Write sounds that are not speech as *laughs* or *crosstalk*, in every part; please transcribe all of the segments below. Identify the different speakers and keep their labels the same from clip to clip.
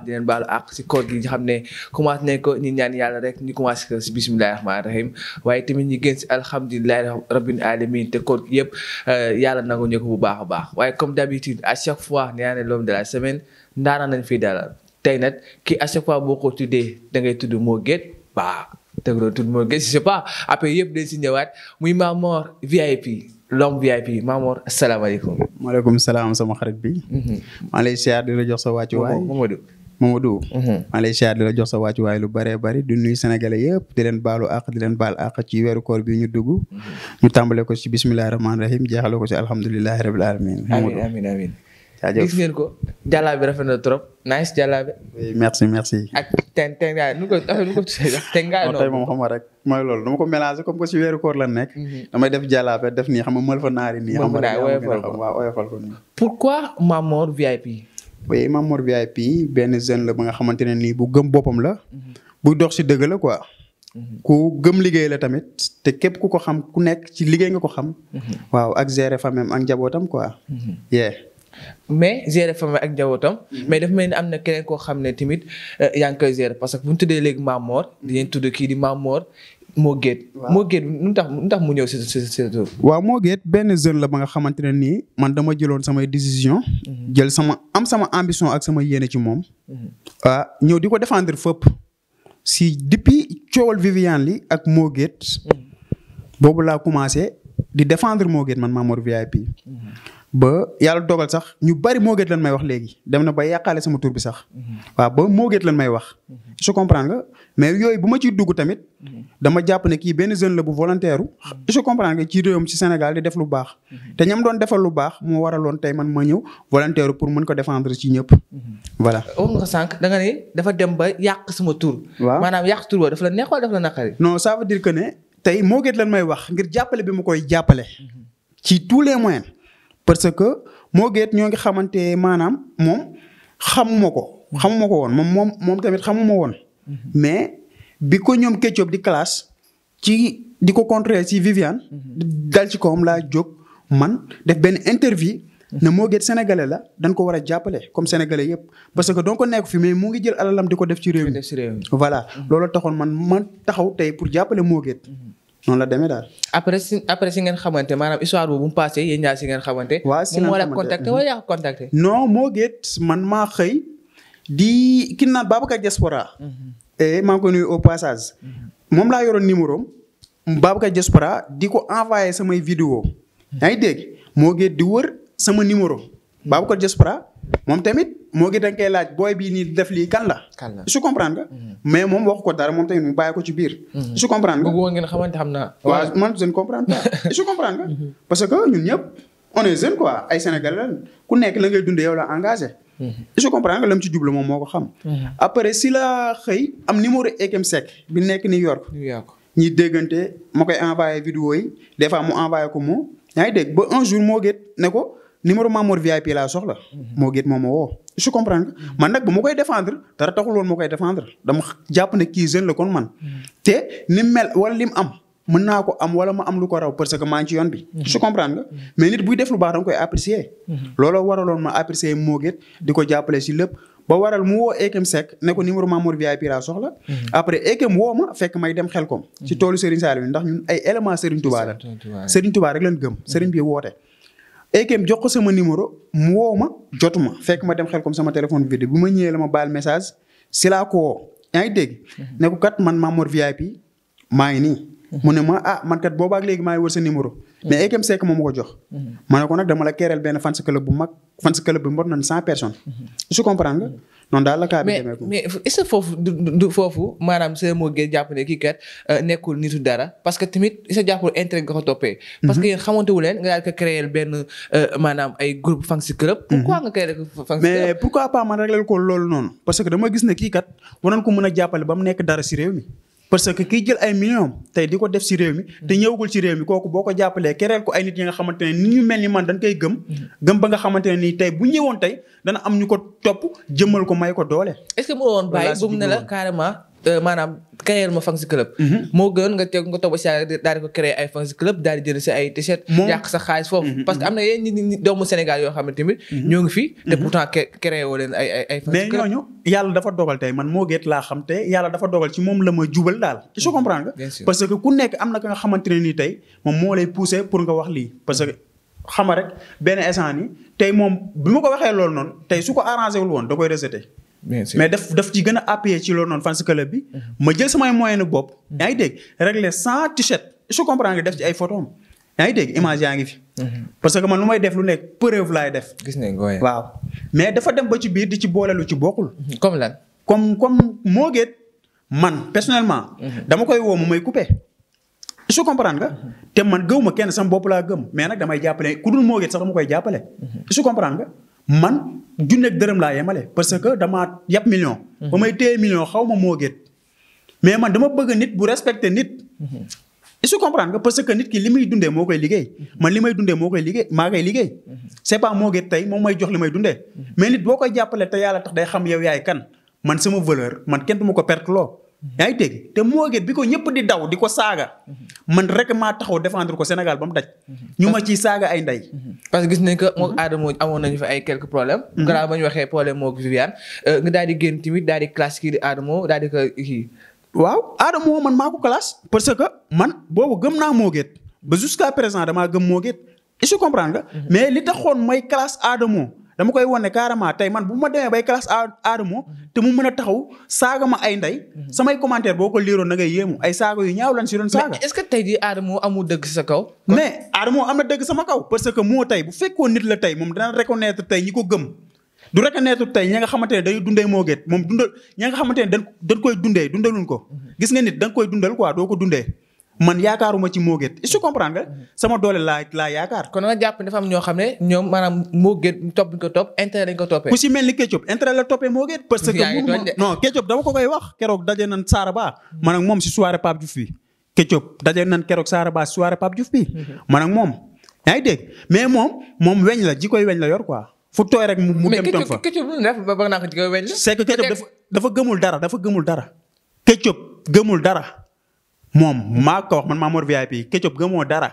Speaker 1: baax di leen baalu àq si koor gi nga xam ne commencé nañ ko ñu ñaan yàlla rek ñu commencé ko si bisimilahi waaye tamit ñu si alhamdulilahi rabbil alamin te koor gi yëpp eh, nangu ñu ko baax a baax waaye comme d'habitude à chaque fois nee naa ne l'homme de la semaine ndaanaan nañ fiy dalal tey nag ki a chaque fois boo ko tuddee da ngay tudd moo gét baax te loolu moo gét je sais pas après yëpp dañ si ñëwaat muy Mamor VIP l'homme VIP Mamor asalaamaaleykum. maaleykum
Speaker 2: salaam sama xarit bi. Mhm. maa sa wàccuwaay Mamadou. Mamadou. Mhm. maa lay siyaar di la jox sa wàccuwaay lu bëree bëri di nuyu sénégalais yëpp di leen baalu àq di leen baal àq ci weeru koor bi ñu dugg. Mhm. ñu tàmbale ko ci bismillahi rahmaani rahim jeexale ko ci alhamdulilahi rabil alamin Mamadou amiin amiin jaajëf gis ngeen
Speaker 1: ko jàllaabe rafet na trop merci merci. ten ten nu ko nu ko ten gaay noonu. tey moom
Speaker 2: xam nga rek ko mélangé comme que si weeru koor lan nekk. Mhm. damay def jàllaabe def nii xam mël fa naari nii. xam nga waaw oyofal ko
Speaker 1: pourquoi Mame VIP.
Speaker 2: Imam Mor VIP benn jeune la ba nga xamante ne nii bu gëm boppam la. Mhm. bu dox si dëgg la quoi. Mhm. ku gëm liggéey la tamit te képp ku ko xam ku nekk ci liggéey nga ko xam. Mhm. waaw ak gérer famille ak njabootam quoi. yeah.
Speaker 1: mais gérer famille ak njabootam. mais dafa mel ni am na keneen koo xam ne tamit euh, yaa ngi koy gérer parce que bu ñu tuddee léegi Mamor. dinañ tudd kii di Mamor moo géet moo géet nu tax nu tax mu ñëw si si
Speaker 2: waaw moo benn jeune la ba nga xamante ne nii man dama jëloon samay décision mhm. jël sama am sama ambition ak sama yéene ci moom mhm. ah ñëw di ko défendre fépp si depuis coowal Viviane li ak moo mhm. boobu laa commencé di défendre moo géet man Mamour VIP ba yàlla dogal sax ñu bari moo moogeet lan may wax léegi dem na ba yàqaale sama tur bi sax. waaw ba moogeet lan may wax. je mhm. comprends nga mais yooyu bu ma ciy dugg tamit. Mhm. dama jàpp ne kii benn jeune la bu volontaire. je mhm. comprends nga ci réewam ci Sénégal di def lu baax. te ñam doon defal lu baax moo waraloon tey man ma ñëw volontaire pour mën ko défendre ci ñëpp. voilà. wax nga ko sànq da nga dafa dem ba yàq sama tur. waaw maanaam yàq tur ba dafa la neex wala dafa la naqari. no saa veut dire que ne tey moogeet lan may wax ngir jàppale bi ma koy jàppale. ci tous les moyens. parce que moo geet ñoo ngi xamante maanaam moom xamuma ko xamuma ko woon moom moom moom tamit xamuma woon mais bi ko ñoom Ketchup di classe ci di ko contrer ci vivian dal ci kawam laa jóg man def benn interview ne moo geet sénégalais la dañ ko war jàppale comme sénégalais yëpp parce que donc nekk fi mais mu ngi jël alalam di ko def ci réew mi voilà mm-hmm. loolu taxoon man man taxaw tey pour jàppale moo geet noonu la demee daal.
Speaker 1: après si après ngeen xamante maanaam histoire boobu mu passé yéen ñaar si ngeen xamante. waaw si ngeen xamante moo la contacté wala mhm. yaa ko contacté.
Speaker 2: moo géet man maa xëy di kin naan Babacar Diaspora. Mhm. et maa ngi ko nuyu mhm. moom laa yoroon numéro am. Babacar Diaspora di ko envoyé samay vidéo yaa ngi dégg moo géet di wër sama numéro Babacar Diaspora moom tamit moo ngi danga laaj booy bii nii def lii kan la. kan la su comprendre nga. Mhm. mais moom wax ko dara moom tamit mu bàyyi ko ci biir. Mhm. su comprendre nga bëggoon
Speaker 1: ngeen xam naa. waaw man je ne
Speaker 2: su *laughs* comprendre nga. Mhm. parce que ñun ñëpp one est jeune quoi ay Sénégalais la ku nekk la ngay dundee yow la engagé. su comprendre nga la mu ci jublu moom moo ko xam. après si la xëy am numéro Ekem Seck bi nekk New York. New York ñuy déggante ma koy envoyé vidéo yi des fois mu envoyé ko moom yaa ngi dégg ba un jour moo gét ne ko. numéro Mamour VIP laa soxla. Mhm. moo gét moom ma woo. je comprends que mhm. man nag bu ma koy défendre dara taxul woon ma koy défendre dama jàpp na kii jeune la kon man. Mhm. te ni mel wala lim am. mën naa ko am wala ma am lu ko raw parce que maa ngi ci yoon bi. su comprendre nga nit buy def lu baax da nga koy apprécier. looloo waraloon ma apprécier moo gét di ko jàppale si lépp. ba waral mu woo Ekem Seck ne ko numéro Mamour VIP laa soxla. après Ekem woo fekk may dem xel koom. ci toolu Serigne Saliou ndax ñun ay éléments Serigne Touba la. Serigne Touba rek lañ gëm Serigne bi woote. AKM jox ko sama numéro mu woo ma jotu fekk ma dem xel comme sama téléphone vidéo bu ma ñëwee la ma baal message si laa ko woo yaa ngi dégg. Mhm. ne ko kat man Mamour VIP maa ngi nii. Mhm. mu ne ma a ah, man kat boobaak léegi maa ngi wër sa numéro. Mhm. mais AKM Seck moom ma ko jox. ma ne ko nag dama la kereel benn fans club bu mag fans club bi mbot nañ cent personnes. su comprendre noonu daal la kaa bi demee
Speaker 1: mais est-ce foofu du du foofu maanaam sëñ moo jàpp ne kii kat euh, nekkul nitu dara parce que tamit sa jàppul intérêt nga ko toppee. parce que mhm. yéen leen nga daal ko créer benn euh, maanaam ay groupe fan si club. Mhm. pourquoi a créer fan si club mais
Speaker 2: pourquoi pas man ko loolu noonu. parce que dama gis ne kii kat waroon ko mën a jàppale ba mu nekk dara si réew mi. parce que kiy jël ay millions tey di ko def si réew mi te ñëwagul si réew mi kooku boo ko jàppalee kereel ko ay nit yi nga xamante ne ni ñu mel ni man dañ koy gëm. Mm-hmm. gëm ba nga xamante ne nii tey bu ñëwoon
Speaker 1: tey dana am ñu ko topp jëmmal ko may ko doole. est-ce mu woon bàyyi bu mu ne la carrément Euh, maanaam créer ma fan club. Mhm. moo gën nga teg nga toog ba si daal di ay fan si club daal di jënd si ay t-shirt. yàq sa xaalis foofu. Mhm, mhm, parce que am na yenn nit ñi doomu Sénégal yoo xam ne tamit. ñoo ngi fi. te pourtant créer leen ay ay yàlla dafa dogal tey man moo geet laa xam te yàlla
Speaker 2: dafa dogal ci moom la ma jubal daal. je comprends parce que ku nekk am na ka nga xamante ne nii moom moo lay pousser pour nga wax lii parce que. xama rek benn instant ni tey moom bu mu ko waxee loolu noonu tey su ko arrangé wul woon da koy rejeté mais def daf ci gën a appuyer ci loolu noonu fans club bi. Mhm. ma jël samay moyens bopp. Mhm. yaa ngi dégg régler cent t-shirt je comprends nga def ci ay photo am yaa ngi yaa ngi fi. Mhm. parce que man lu def lu nekk preuve laay def. gis nañ ko waaw mais dafa dem ba ci biir di ci boole ci bokkul. comme lan comme comme moo gét man personnellement. dama koy woo mu may coupé. su comprendre nga te man gëw ma kenn sama bopp laa gëm mais nag damay jàppale ku dul moo gét sax dama koy jàppale. su comprendre nga. man junneeg dërëm laa yemale parce que damaa yàpp million. ba may téye million xaw ma moo gét mais man dama bëgg nit bu respecté nit. Mhm. est su que comprendre nga parce que nit ki li muy dundee moo koy liggéey. man li may dundee moo koy liggéey maa koy liggéey. Mhm. c'est pas moo tey moom may jox li may dundee. Mhm. mais nit boo koy jàppale te yàlla tax day xam yow yaay kan man sama valeur man kenn du ma ko perte loo. yaa ngi dégg te moo gën bi ko ñëpp di daw di ko saaga. man rek maa taxaw défendre ko
Speaker 1: Sénégal ba daj. ñu ma ciy saaga ay ndey. parce que gis nañ que moom mhm. Adamo amoon nañu fa ay quelques problèmes. Mhm. gannaaw ba ñu waxee problème moo Viviane euh, nga daal di génn tamit daal di classe kii di Adamo daal di ko kii. waaw Adamo man maa ko classe. parce que man boobu gëm naa moo gën ba
Speaker 2: jusqu'à présent damaa gëm moo gën. est-ce que mhm. mais li taxoon may classe Adamo dama koy wane carrément tey man bu ma demee bay classe Adamo te mu mën a taxaw saaga ma ay ndey mhm. samay commentaire boo ko liiroon na ngay yéemu ay saaga yu ñaaw lan si doon saaga. est-ce que tey jii Adamo amul dëgg sa kaw. mais Adamo am na dëgg sama kaw. parce que moo tey bu fekkoon nit la tey moom dana reconnaître tey ñi ko gëm du reconnaître tey ñi nga xamante ne dañuy dundee moo gét moom dundal ñi nga xamante ne dañ dañ koy dundee dundaluñ ko. Mhm. gis nga nit dañ koy dundal ko doo ko dundee. man yaakaaruma ci Mo Gates est-ce que comprendre mhm.
Speaker 1: sama doole laa laa yaakaar. kon nga jàpp ne dafa am ñoo xam ne ñoom maanaam Mo Gates topp ko topp intérêt lañ ko toppee. ku
Speaker 2: mel ni Ketchup intérêt la toppee Mo Gates. parce que non
Speaker 1: Ketchup dama ko koy wax keroog daje
Speaker 2: nañ Saara Ba man ak moom si soirée Pape Diouf bi Ketchup daje nañ keroog Saara Ba si soirée Pape Diouf bi mhm. man ak moom. yaa ngi dégg mais moom moom weñ la ji koy weñ la yor quoi. fu tooy rek mu dem toog fa mais
Speaker 1: Ketchup ba bëgg naa ko ji koy weñ la. c'est que Ketchup
Speaker 2: dafa gëmul dara dafa gëmul dara. Ketchup gëmul dara. moom maa ko wax man maa Mor VIP Ketchup gëmoo dara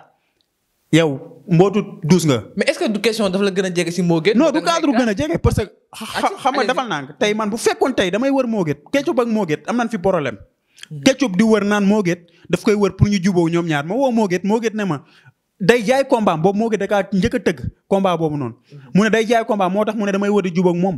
Speaker 2: yow mbootu duus nga. mais est-ce que du daf la gën a jege si Mo cadre gën a jege ah. parce que. Ah, xam nga defal naa tey man bu fekkoon tey damay war Mo Gates Ketchup ak Mo Gates am nañ fi problème. Mm-hmm. Ketchup di war naan Mo Gates daf koy wër pour ñu jubóo ñoom ñaar ma woo Mo Gates Mo Gates ne ma. day jaay combat boobu moo gën da kaa njëkk tëgg combat boobu noonu mm-hmm. mu ne day jaay combat moo tax mu ne damay wër di jubóog moom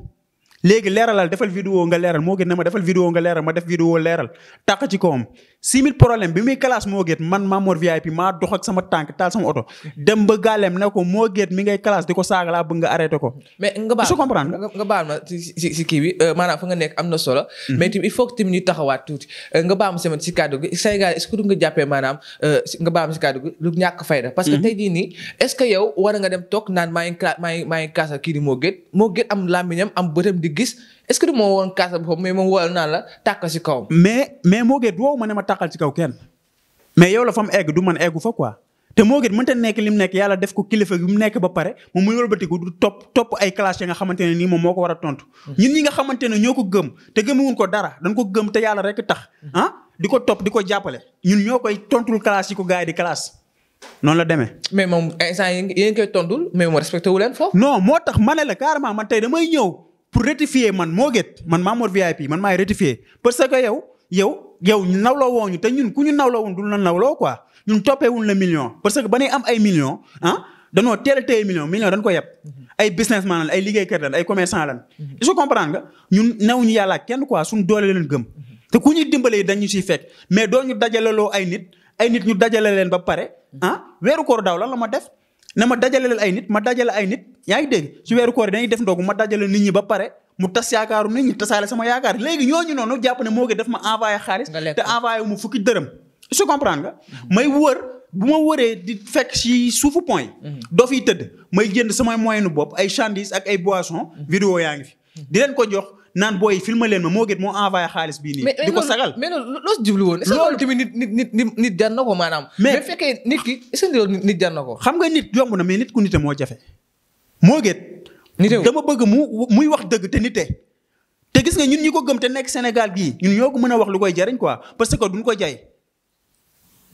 Speaker 2: léegi leeralal defal vidéo nga leeral moo gën ne ma defal vidéo nga leeral ma def vidéo leeral tàq ci kawam six mille problème bi muy classe moo géet man Mamour VIP maa dox ak sama tànk taal sama oto dem ba gàllem na ko moo géet mi ngay classe ko saaga laa bëgg nga ko. mais nga baal
Speaker 1: nga baal ma si si si kii bi euh, maanaam fa nekk am na solo. Mhm. mais tamit il faut que tamit ñu taxawaat tuuti euh, ma sama si kàddu gi nga jàppee maanaam euh, nga baal ma si kàddu ñàkk fayda parce que mhm. tey jii est-ce que yow war nga dem toog naan maa ngi maa maa ngi kii di moo géet moo géet am làmmiñam am bëtam di gis est-ce que du woon kaasa boobu mais moom wóor naa la tàkkal ci kaw. mais
Speaker 2: mais moo gën woowu ma ne ma tàkkal ci kaw kenn mais yow la fa mu egg du man eggu fa quoi te moo gën mënta nekk li mu nekk yàlla def ko kilifa gi mu nekk ba pare moom muy wëlbatiku du topp topp ay nga xamante ne nii moom moo war a tontu. ñun ñi nga xamante ne ñoo ko gëm te gëmuwuñ ko dara dañ ko gëm te yàlla rek tax ah di ko topp di ko jàppale ñun ñoo koy tontul clash yi ko gars yi di clash. noonu la demee. mais
Speaker 1: moom instant yéen koy tontul
Speaker 2: mais moom respecté wu leen foofu. non moo tax ma ne la carrément man tey damay ñëw pour rectifier man moo gét man Mamour VIP man maay rectifier parce que yow yow yow nawloo woo ñu te ñun ku ñu nawloo woon du la nawloo quoi ñun toppeewuñ la million parce que ba ñuy am ay million ah danoo teel a dañ ko yeb mm-hmm. ay businessman lan ay liggéeykat lan ay commerçant lan je mm-hmm. comprends nga ñun newuñu yàlla kenn quoi suñ doole leen gëm mm-hmm. te ku ñuy dimbalee dañu siy fekk mais doo ñu dajaleeloo ay nit ay nit ñu dajale leen ba pare ah weeru koor daaw lan la ma def na ma dajaleel ay nit ma dajale ay nit yaa ngi dégg ci weeru koor yi dañuy def ndogu ma dajale nit ñi ba pare mu tas yaakaaru nit ñi tasaale sama yaakaar léegi ñu noonu jàpp ne moo ngi def ma envoyé xaalis te envoyé mu fukki dërëm su comprendre nga may wër bu ma wëree di fekk si suufu point mhm. doo fiy tëdd may jënd samay moyenu bopp ay chandise ak ay boisson mhm. vidéo yaa ngi fi di leen ko jox naan booy filmé leen ma moo gën moo envoyé xaalis bii nii. di ko sagal mais
Speaker 1: mais loolu loo si jublu woon. loolu tamit nit nit nit nit na ko maanaam. mais mais fekkee nit ki est ce que loolu nit jar na ko. xam nga nit yomb na mais nit ku nite moo jafe. moo gën. nit dama bëgg
Speaker 2: mu muy wax dëgg te nite. te gis nga ñun ñi ko gëm te nekk Sénégal gii ñun ñoo ko mën a wax lu koy jariñ quoi parce que duñ ko jay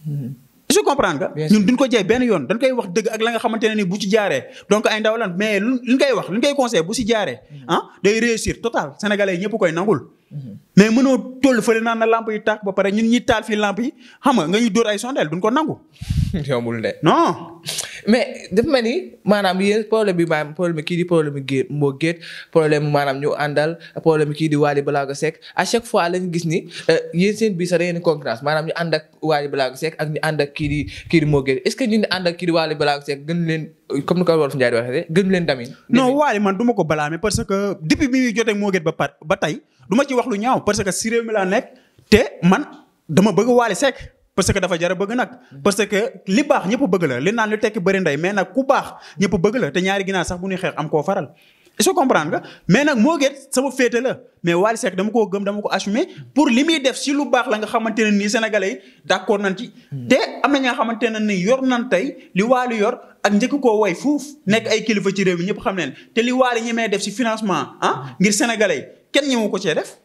Speaker 2: hmm. est-ce que comprendre nga ñun duñ ko jey benn yoon dañ koy wax dëgg ak la nga xamante ne ni bu ci jaaree donc ay ndaw lan mais luñ koy wax luñ koy conseil bu ci jaaree mm-hmm. ah day réussir total sénégalais yi ñëpp koy nangul mm-hmm. mais mënoo toll fële naan a lamp
Speaker 1: yi tàkk ba pare ñun ñi taal fii lamp yi xam nga nga ñu dóor ay sondeel duñ ko nangu *laughs* yombul de non *laughs* mais def ma ni maanaam yéen problème bi maanaam problème kii di problème gé moo géet problème maanaam ñu àndal problème kii di Wally Ballago Seck à chaque fois lañ gis ni euh, yéen seen biir sax da ngeen concurrence maanaam ñu ànd ak Wally Ballago Seck ak ñu ànd kii di kii di moo géet est-ce que ñu ni ànd ak kii di Wally Ballago Seck gën leen comme ni leen damin non Wally man ma ko balaame
Speaker 2: parce que depuis bi muy jotee moo géet ba par ba tey ma ci wax lu ñaaw parce que si réew laa nekk te man dama bëgg Wally Seck parce que dafa jara bëgg nag parce que li baax ñëpp bëgg la li naan lu tekki bari ndey mais nag ku baax ñëpp bëgg la te ñaari ginaar sax bu ñuy xeex am koo faral est mais nag moo geet sama féete mais Wally Seck dama koo gëm dama ko assumé pour li muy def si lu baax la nga xamante ne nii sénégalais yi d'accord nañ ci te am na ñi nga xamante ne nii yor nan tey li Wally yor ak njëkk koo way fuuf nekk ay kilifa ci réew mi ñëpp xam leen te li Wally ñi may def si
Speaker 1: financement ah ngir sénégalais yi kenn ñëwu ko cee def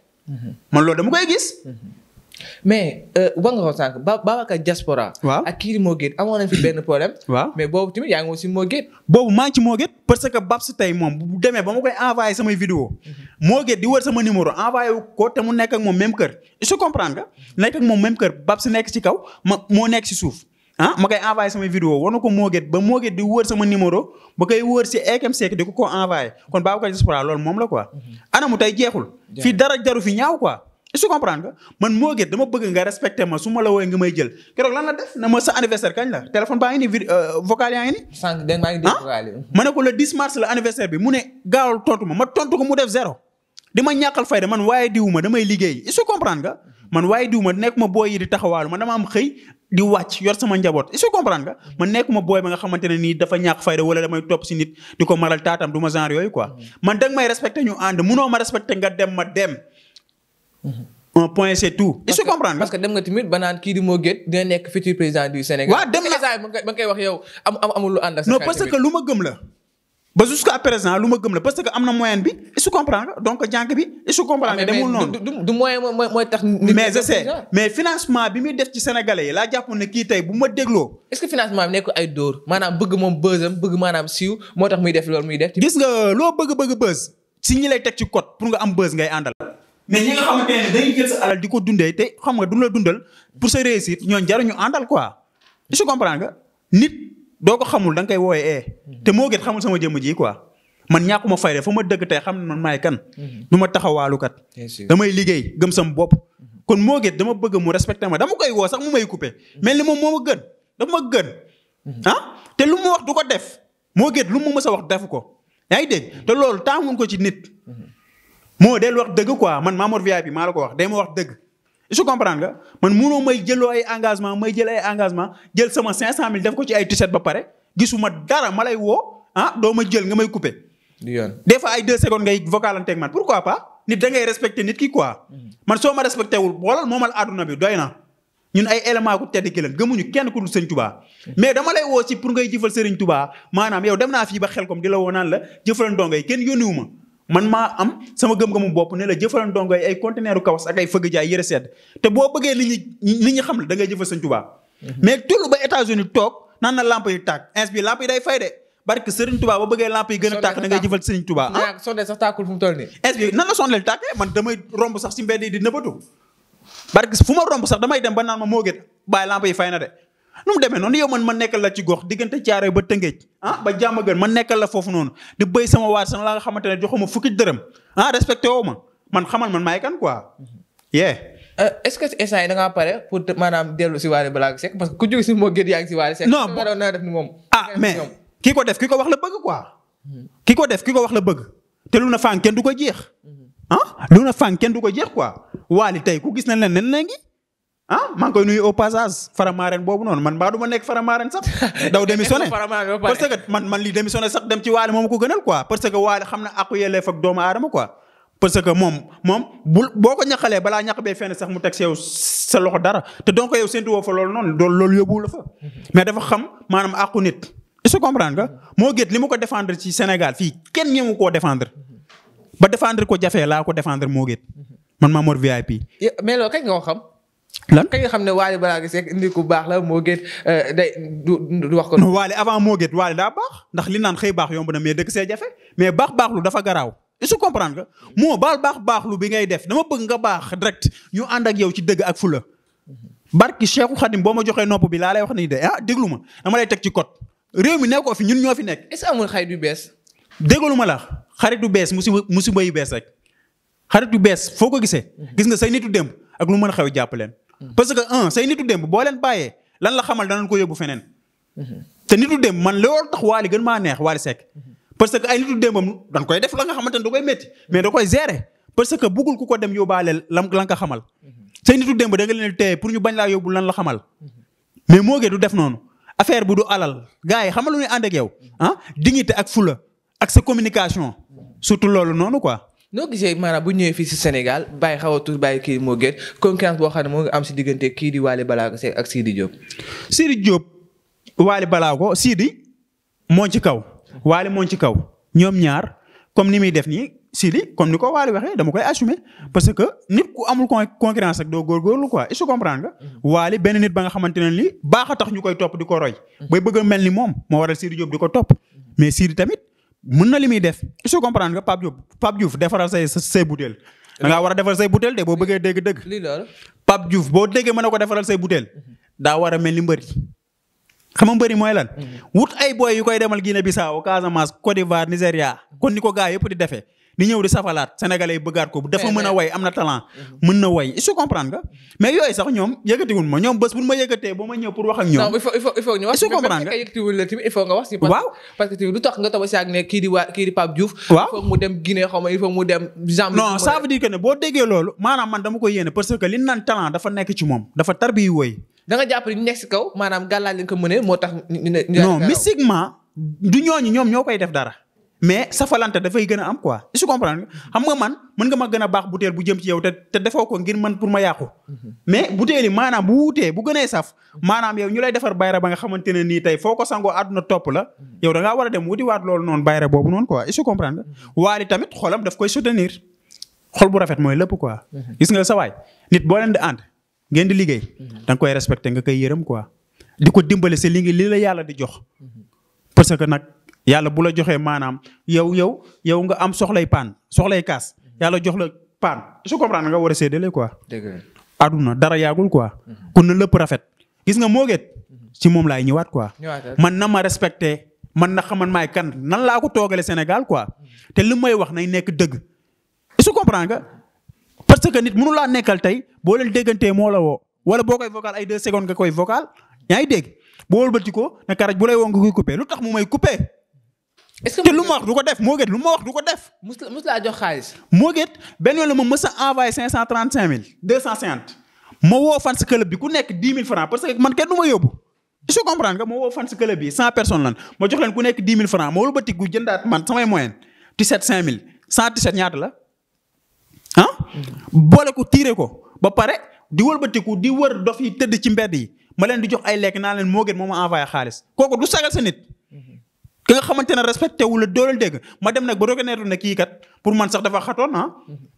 Speaker 1: mais euh, wax nga ko sànq ba Babacar ak kii di Mo Gates amoon nañ fi benn problème. *coughs* waaw mais boobu tamit yaa ngi woon si Mo Gates. boobu maa ngi ci Mo parce que Babs tey moom demee ba ma koy
Speaker 2: envoyé samay vidéo mm-hmm. Mo Gates di wër sama numéro envoyé wu ko mu nekk ak moom même kër. je comprends nga mm-hmm. nekk ak moom même kër Babs nekk ci kaw ma moo nekk ci suuf ah ma koy envoyé samay vidéo war na ko Mo ba Mo Gates di wër sama numéro ba koy wër si EKM Seck di ko ko envoyé kon Babacar Diaspora lool moom la quoi. Mm-hmm. anamu tey jeexul. fii dara jaru fi ñaaw quoi. est-ce que nga man moo gën dama bëgg nga respecté ma su ma la wooyee nga may jël keroog lan la def na ma sa anniversaire kañ la téléphone baa ngi nii
Speaker 1: euh, vocal yaa ngi nii. sànq
Speaker 2: ma ne ko le 10 mars la anniversaire bi mu ne gaawal tontu ma ma ko mu def zéro di ma ñàkkal fayda man waaye diwu ma damay liggéey est-ce man waaye diwu ma nekk ma booy yi di taxawaalu man dama am xëy di wàcc yor sama njaboot est-ce que nga man nekk ma booy ba nga xamante ne nii dafa ñàkk fayda wala damay topp si nit di ko maral taatam du ma genre yooyu quoi man danga may
Speaker 1: respecté ñu ànd munoo ma respecté nga dem ma dem un point c'est tout. il se parce que dem nga tamit ba naan kii di moo gét dina nekk futur président du Sénégal. waaw dem na ba koy wax yow amul lu ànd ak. non parce que lu
Speaker 2: ma gëm la. ba jusqu'à présent lu ma gëm la parce que am na moyen bi il se comprendre donc jànk bi il se comprendre ah, demul noonu. du du moyen mooy tax. mais
Speaker 1: mais financement bi muy def ci sénégalais yi laa jàppoon ne kii tey bu ma dégloo. est-ce que financement bi nekkul ay dóor maanaam bëgg moom bëzam bëgg maanaam siiw tax muy def loolu muy def. gis nga loo bëgg bëgg bëz si ñi ci code pour nga am bëz ngay àndal mais ni nga xamante ne dañuy jël sa alal
Speaker 2: di ko dundee te xam nga duñ la dundal pour sa ñoo ñoon jaruñu àndal quoi su comprends nga nit doo ko xamul da nga koy wooye ee eh, te moo gën xamul sama jëmm ji quoi man ñàkkuma fayre fu ma dëgg tey xam na man maay kan mhm. du ma taxawaalukat damay liggéey gëm sam bopp mhm. kon moo gét dama bëgg mu respecté ma dama koy woo sax mu may coupé mel mhm. ni moom moo ma gën dafa ma gën ah te lu mu wax du ko def moo gën lu mu mës a wax defu ko yaa ngi dégg loolu taamun ci nit moo del wax dëgg quoi man Mamour bi maa la ko wax day ma wax dëgg je comprends nga man munoo may jëloo ay engagement may jël ay cinq jël sama 500000 ko ci ay t-shirt ba pare gisuma dara ma lay woo ah ma jël nga may coupé. des fois ay deux secondes ngay vocalanteeg man pourquoi pas nit da ngay respecté nit ki quoi. Mm-hmm. man soo ma respecté wul boolal al àdduna bi doy na. ñun ay élément ku tedd ki leen gëmuñu kenn ku dul sëñ Touba mm-hmm. mais dama lay woo si pour ngay jëfal Serigne Touba maanaam yow dem naa fii ba xel kom di la naan la jëfal ndongo yi kenn yónniwu ma man maa am sama gëm-gëmu bopp ne la jëfalan dongo ay conteneuru kaw ak ay fëgg jaay yëre sedd te boo bëggee li li ñu xam la da ngay jëfal Sëñ tubaa mhm. mais tullu toog naan na lamp yi tàkk bi lamp yi fay de barke Serigne ba bëggee lamp yi gën a tàkk da ngay jëfal Serigne Touba ah
Speaker 1: sondeel sax tàkkul fu mu toll nii
Speaker 2: ins bi nan la sondeel tàkkee man damay romb sax si mbedd yi di nëbbatu barke fu ma romb sax damay dem ba naan ma moo gét bàyyi lamp fay na de nu mu demee noonu yow man ma nekkal la ci gox diggante caare ba tëngéej ah ba jàmm gën ma nekkal la foofu noonu di béy sama waat sama la nga xamante ne joxuma fukki
Speaker 1: dërëm ah respecté woo ma man xamal man may kan quoi. yee. Euh, est-ce que instant yi da ngaa pare pour maanaam dellu si Wally Ballago Seck parce que ku jóg si moo gën yaa ngi si Wally Seck. non bon naa def ni moom.
Speaker 2: Ah, mais ki ko def ki ko wax la bëgg quoi. Hmm. ki ko def ki ko wax la bëgg. te lu na fànn kenn du ko jeex. Hmm. ah lu na fànn du ko jeex quoi. Wally tey ku gis na leen nen ah maa ngi koy nuyu au passage faramaaren boobu noonu man mbaa du ma nekk faramaaren sax *laughs* daw démissionné parce que man man li démissionné sax dem ci waale moom ko gënal quoi parce que waale xam na aku yelleef ak doomu aadama quoi parce que moom moom boo ko ñaqalee balaa ñaq bee fenn sax mu teg si yow sa loxo dara te donc yow séntu woo fa loolu noonu dool loolu yóbbuwul la fa mm-hmm. mais dafa xam maanaam aku nit est-ce que comprendre nga moo gét li mu ko défendre ci Sénégal fii kenn ñëmu koo défendre mm-hmm.
Speaker 1: ba défendre ko jafee laa ko défendre moo gét
Speaker 2: mm-hmm. man
Speaker 1: maa lan nga xam ne Waly Balago Seck indi ku baax la moo gét euh, day du wax ko. Waly
Speaker 2: avant moo gét Waly daa baax ndax li naan xëy baax yomb na mais dëgg see jafe mais baax baax dafa garaaw est-ce moo baal baax baax lu bi ngay def dama bëgg nga baax direct ñu ànd ak yow ci dëgg ak fula. barki Cheikhou Khadim boo ma joxee nopp bi laa lay wax nii de ah ma dama teg ci code réew mi nekkoo fi ñun ñoo fi nekk. est-ce que amul yu bees. déglu ma la xarit yu bees musiba musiba yu bees rek xarit yu bees foo ko gisee. gis nga say nitu dem ak lu mën a xew jàpp leen parce que un say nitu démb boo leen bàyyee lan la xamal danañ ko yóbbu feneen. te nitu dem man loolu tax Wally gën maa neex Wally Seck parce que ay nitu démbam dañ koy def la nga xamante ne da koy métti mais da koy gérer que bëggul ko dem yóbbaale lam la nga xamal. say nitu démb da nga leen téye pour ñu bañ laa yóbbu lan la xamal mais moo gee du def noonu affaire bu du alal
Speaker 1: gars yi xamal lu ñuy ànd ak yow ah dignité ak fula ak sa communication surtout loolu noonu quoi. noo gisee maanaam bu ñëwee fii si Sénégal bàyyi xaw a tuur bàyyi kii moo gën concurrence boo xam ne moo ngi am si diggante kii di Waly Balago Seck ak Sidi Diop. Sidi Diop Waly Balago
Speaker 2: Sidi moo ci kaw Waly moo ci kaw ñoom ñaar comme ni muy def nii Sidi comme ni ko Waly waxee dama koy assumer parce que nit ku amul concurrence ak doo góorgóorlu quoi est-ce que comprendre nga. Mm-hmm. Waly benn nit ba nga xamante ne li baax a tax ñu koy topp di ko roy. Mm-hmm. bay bëgg mel ni moom moo waral Sidi Diop di ko topp mm-hmm. mais Sidi tamit. mun na li muy def est-ce que comprendre nga Pape defaral say say butéel. da ngaa war a defar say butéel de boo bëggee dégg-dëgg. lii daal Pape Diouf boo déggee mën na ko defaral say butéel daa war a mel ni mbëri. xam nga mbëri mooy lan. Mhm. wut ay boy yu koy demal Guinée Bissau Casamance Côte d'Ivoire Nigéria kon ni ko gaa yëpp di defee. di ñëw di safalaat sénégalais yi bëggaat ko dafa mën a way am na mhm. mais yooyu sax ñoom yëkkatiwul ma ñoom ma ñoom
Speaker 1: il faut il faut ñu wax su comprendre nga yëkkatiwul la tamit lu tax nga taw si ne kii di waa kii waaw mu dem Guinée xaw ma il faut mu ne
Speaker 2: boo déggee loolu maanaam man dama ko yéene parce que li naan talent dafa nekk ci moom dafa tarbi woy da nga ñu nekk si kaw maanaam gàllaaj lañ ko mënee moo tax non mystiquement du ñooñu ñoom ñoo koy def dara mais safalante dafay gën a am quoi est-ce que xam nga man mën nga ma gën a baax butéel bu jëm ci yow te te defoo ko ngir man pour ma yàqu mm-hmm. mais butéel yi maanaam bu wuutee bu gënee saf maanaam yow ñu lay defar bayra ba nga xamante ne nii tey foo ko sangoo àdduna topp la mm-hmm. yow da ngaa war a dem wuti waat loolu noonu bayra boobu noonu quoi est-ce que comprendre mm-hmm. waali tamit xolam daf koy soutenir xol bu rafet mooy lépp quoi gis nga sa nit boo leen di ànd ngeen di liggéey da nga koy respecté nga koy yërëm quoi di ko dimbale si li li la yàlla di jox parce que nag yàlla bu la joxee maanaam yow yow yow nga am soxlay paan soxlay kaas yàlla jox la paan su comprendre nga war a séddale quoi. dëgg la aduna dara yaagul quoi. kon na lépp rafet. gis nga moo gét ci moom laay ñëwaat quoi. man na ma respecté man na xaman maay kan nan laa ko toogale Sénégal quoi te li may wax nay nekk dëgg su comprendre nga parce que nit mënu laa nekkal tey boo leen déggantee moo la woo wala boo koy vocal ay deux secondes nga koy vocal yaa ngi dégg boo wëlbati est-ce que lu ma wax du ko def moo gét lu ma ko def. mus mus laa jox xaalis. moo gét benn la ma mës a cinq cent trente cinq mille deux cent cinquante ma woo fans club bi ku nekk dix mille francs parce que man kenn du ma yóbbu. est-ce que comprendre nga ma woo fans club bi cent personnes lan ma jox leen ku nekk dix mille francs ma wëlbati gu jëndaat man samay moyen dix-sept cinq ñaata la ah. boole ko tiire ko ba pare di wëlbatiku di wër dof yi tëdd ci mbedd yi ma leen di jox ay lekk naa leen moo gét moo ma envoyé xaalis kooku du sagal sa nit. ki nga xamante ne respecté wu la dooleel dégg ma dem na ba reconnaître ne kii kat pour man sax dafa xatoon ah.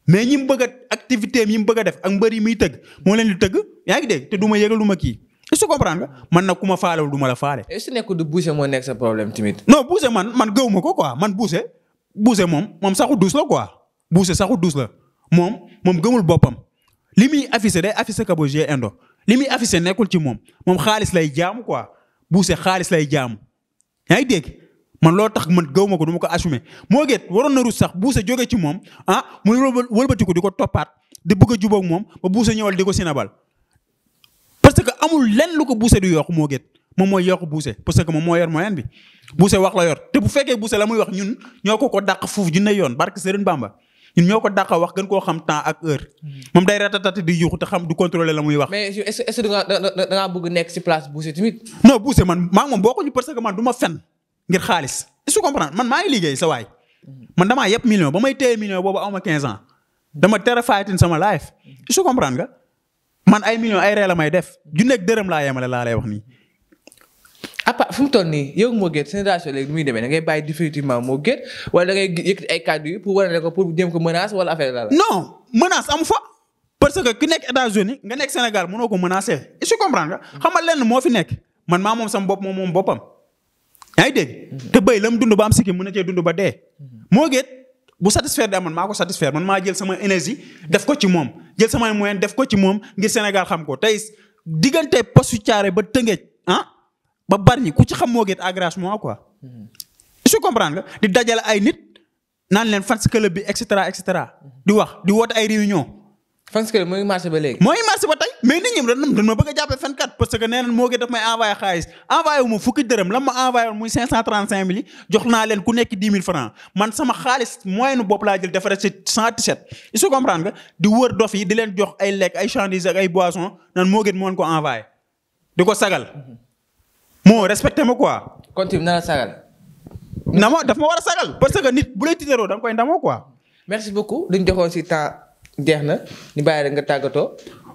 Speaker 2: mais ñi mu bëgg a activité yi mu bëgg a def ak mbër yi muy tëgg moo leen di tëgg yaa ngi dégg te du ma yëgal lu ma kii est-ce que comprendre nga man nag ku ma faalewul du ma la faale.
Speaker 1: est-ce que nekkul du Boucher
Speaker 2: moo nekk sa problème tamit. non Boucher man man gëw ma ko quoi man Boucher Boucher moom moom saxu duus la quoi Boucher saxu duus la moom moom gëmul boppam li muy affiché day affiché Kabo G Indo li muy affiché nekkul ci moom moom xaalis lay jaamu quoi Boucher xaalis jaamu yaa ngi dégg man loo tax man gaw ma ko duma ko assumé moo geet waroon na rus sax buusa joge ci moom ah muy wëlbatiku di ko toppaat di bëgg a jubóog moom ba buusa ñëwal di ko sinabal parce que amul len lu ko buuse du yokk moo geet moom mooy yokk buuse parce que moom mooy yor bi buuse wax la yor te bu fekkee buuse la muy wax ñun ñoo ko ko dàq fuuf junne yoon barke Sëriñ Bamba ko dàq wax gën koo xam temps ak heure. Hmm. moom day ratatati di te xam du contrôler la muy wax.
Speaker 1: mais est nga bëgg nekk ci place
Speaker 2: buuse tamit. non buuse man maa ngi moom boo ko ñu parce que man du ma fen ngir xaalis est-ce comprendre man maa ngi liggéey sa waay man damaa yëpp million ba may téye million boobu awma 15 ans dama tere fayatin sama life est-ce que nga man ay
Speaker 1: million ay ree la may def ju nekk dërëm laa yemale laa lay wax nii. yow Mo Gates génération léegi muy demee da ngay bàyyi définitivement Mo Gates ko pour jéem ko menace wala affaire la. non menace amu fa que ku nekk États-Unis nga nekk Sénégal
Speaker 2: mënoo ko menacer est-ce que comprendre nga. xam moo fi nekk man maa moom sama bopp moom moom boppam. yaa ngi dégg te bay la mu dund ba am sikki mën na cee dund ba dee moo géet bu satisfaire de man maa ko satisfaire man maa jël sama énergie def ko ci moom jël sama moyen def ko ci moom ngir Sénégal xam ko tey diggante postu caare ba tëngeej ah ba barñi ku ci xam moo géet agracement quoi hmm. su comprendre nga di dajale ay nit naan leen fans club bi et cetera et cetera di wax di woote ay réunion fan si mu marché ba léegi. moo marché ba tey mais nit ñi ma bëgg a jàppee fenn kat parce que nee nañ moo ngi daf may envoyé xaalis envoyé wu ma muy 535 mille jox naa leen ku nekk 10 000 man sama xaalis moyen nu bopp laa jël defaree ci 117. il faut comprendre nga di wër dof yi di leen jox ay lekk ay chandise ak ay boissons nan moo ngi moo ko envoyé di ko sagal moo respecté ma quoi.
Speaker 1: continue na la sagal. na ma daf ma war a sagal parce que nit bu lay tiitaroo da nga koy ndamoo quoi. merci jeex na ñu bàyyi rek nga tàggatoo.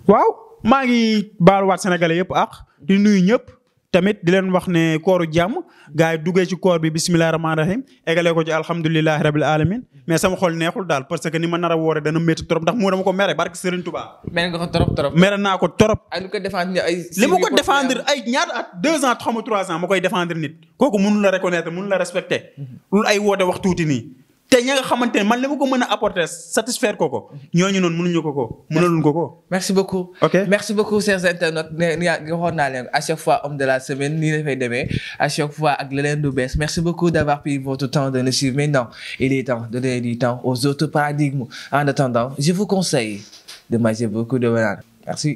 Speaker 1: waaw maa
Speaker 2: ngi baaluwaat sénégalais yëpp ak di nuyu ñëpp. tamit di leen wax ne u jàmm gars yi duggee ci koor bi bisimilah rahmaani rahim egalee ko ci alhamdulilah rabil alamin mais sama xol neexul daal parce que ni ma nara a woore dana métti trop ndax moo dama ko mere barke Serigne Touba.
Speaker 1: mere nga ko trop trop.
Speaker 2: mere naa ko trop.
Speaker 1: ay lu ko ma ko défendre
Speaker 2: ay ñaata at xamu trois ans ma koy défendre nit. kooku mënu la reconnaître mënu la respecter. Mm-hmm. lu ay woote wax tuuti nii. te ña nga xamante ne man li ko mën a
Speaker 1: apporter satisfaire ko ko ñooñu noonu mënuñu ko ko mënaluñ ko ko. merci beaucoup ok merci beaucoup chers internautes ne nga waxoon leen à chaque fois homme de la semaine nii dafay demee à chaque fois ak leneen lu bees merci beaucoup d'avoir pris votre temps de nous de donner temps aux autres en attendant je vous conseille de manger beaucoup de bananes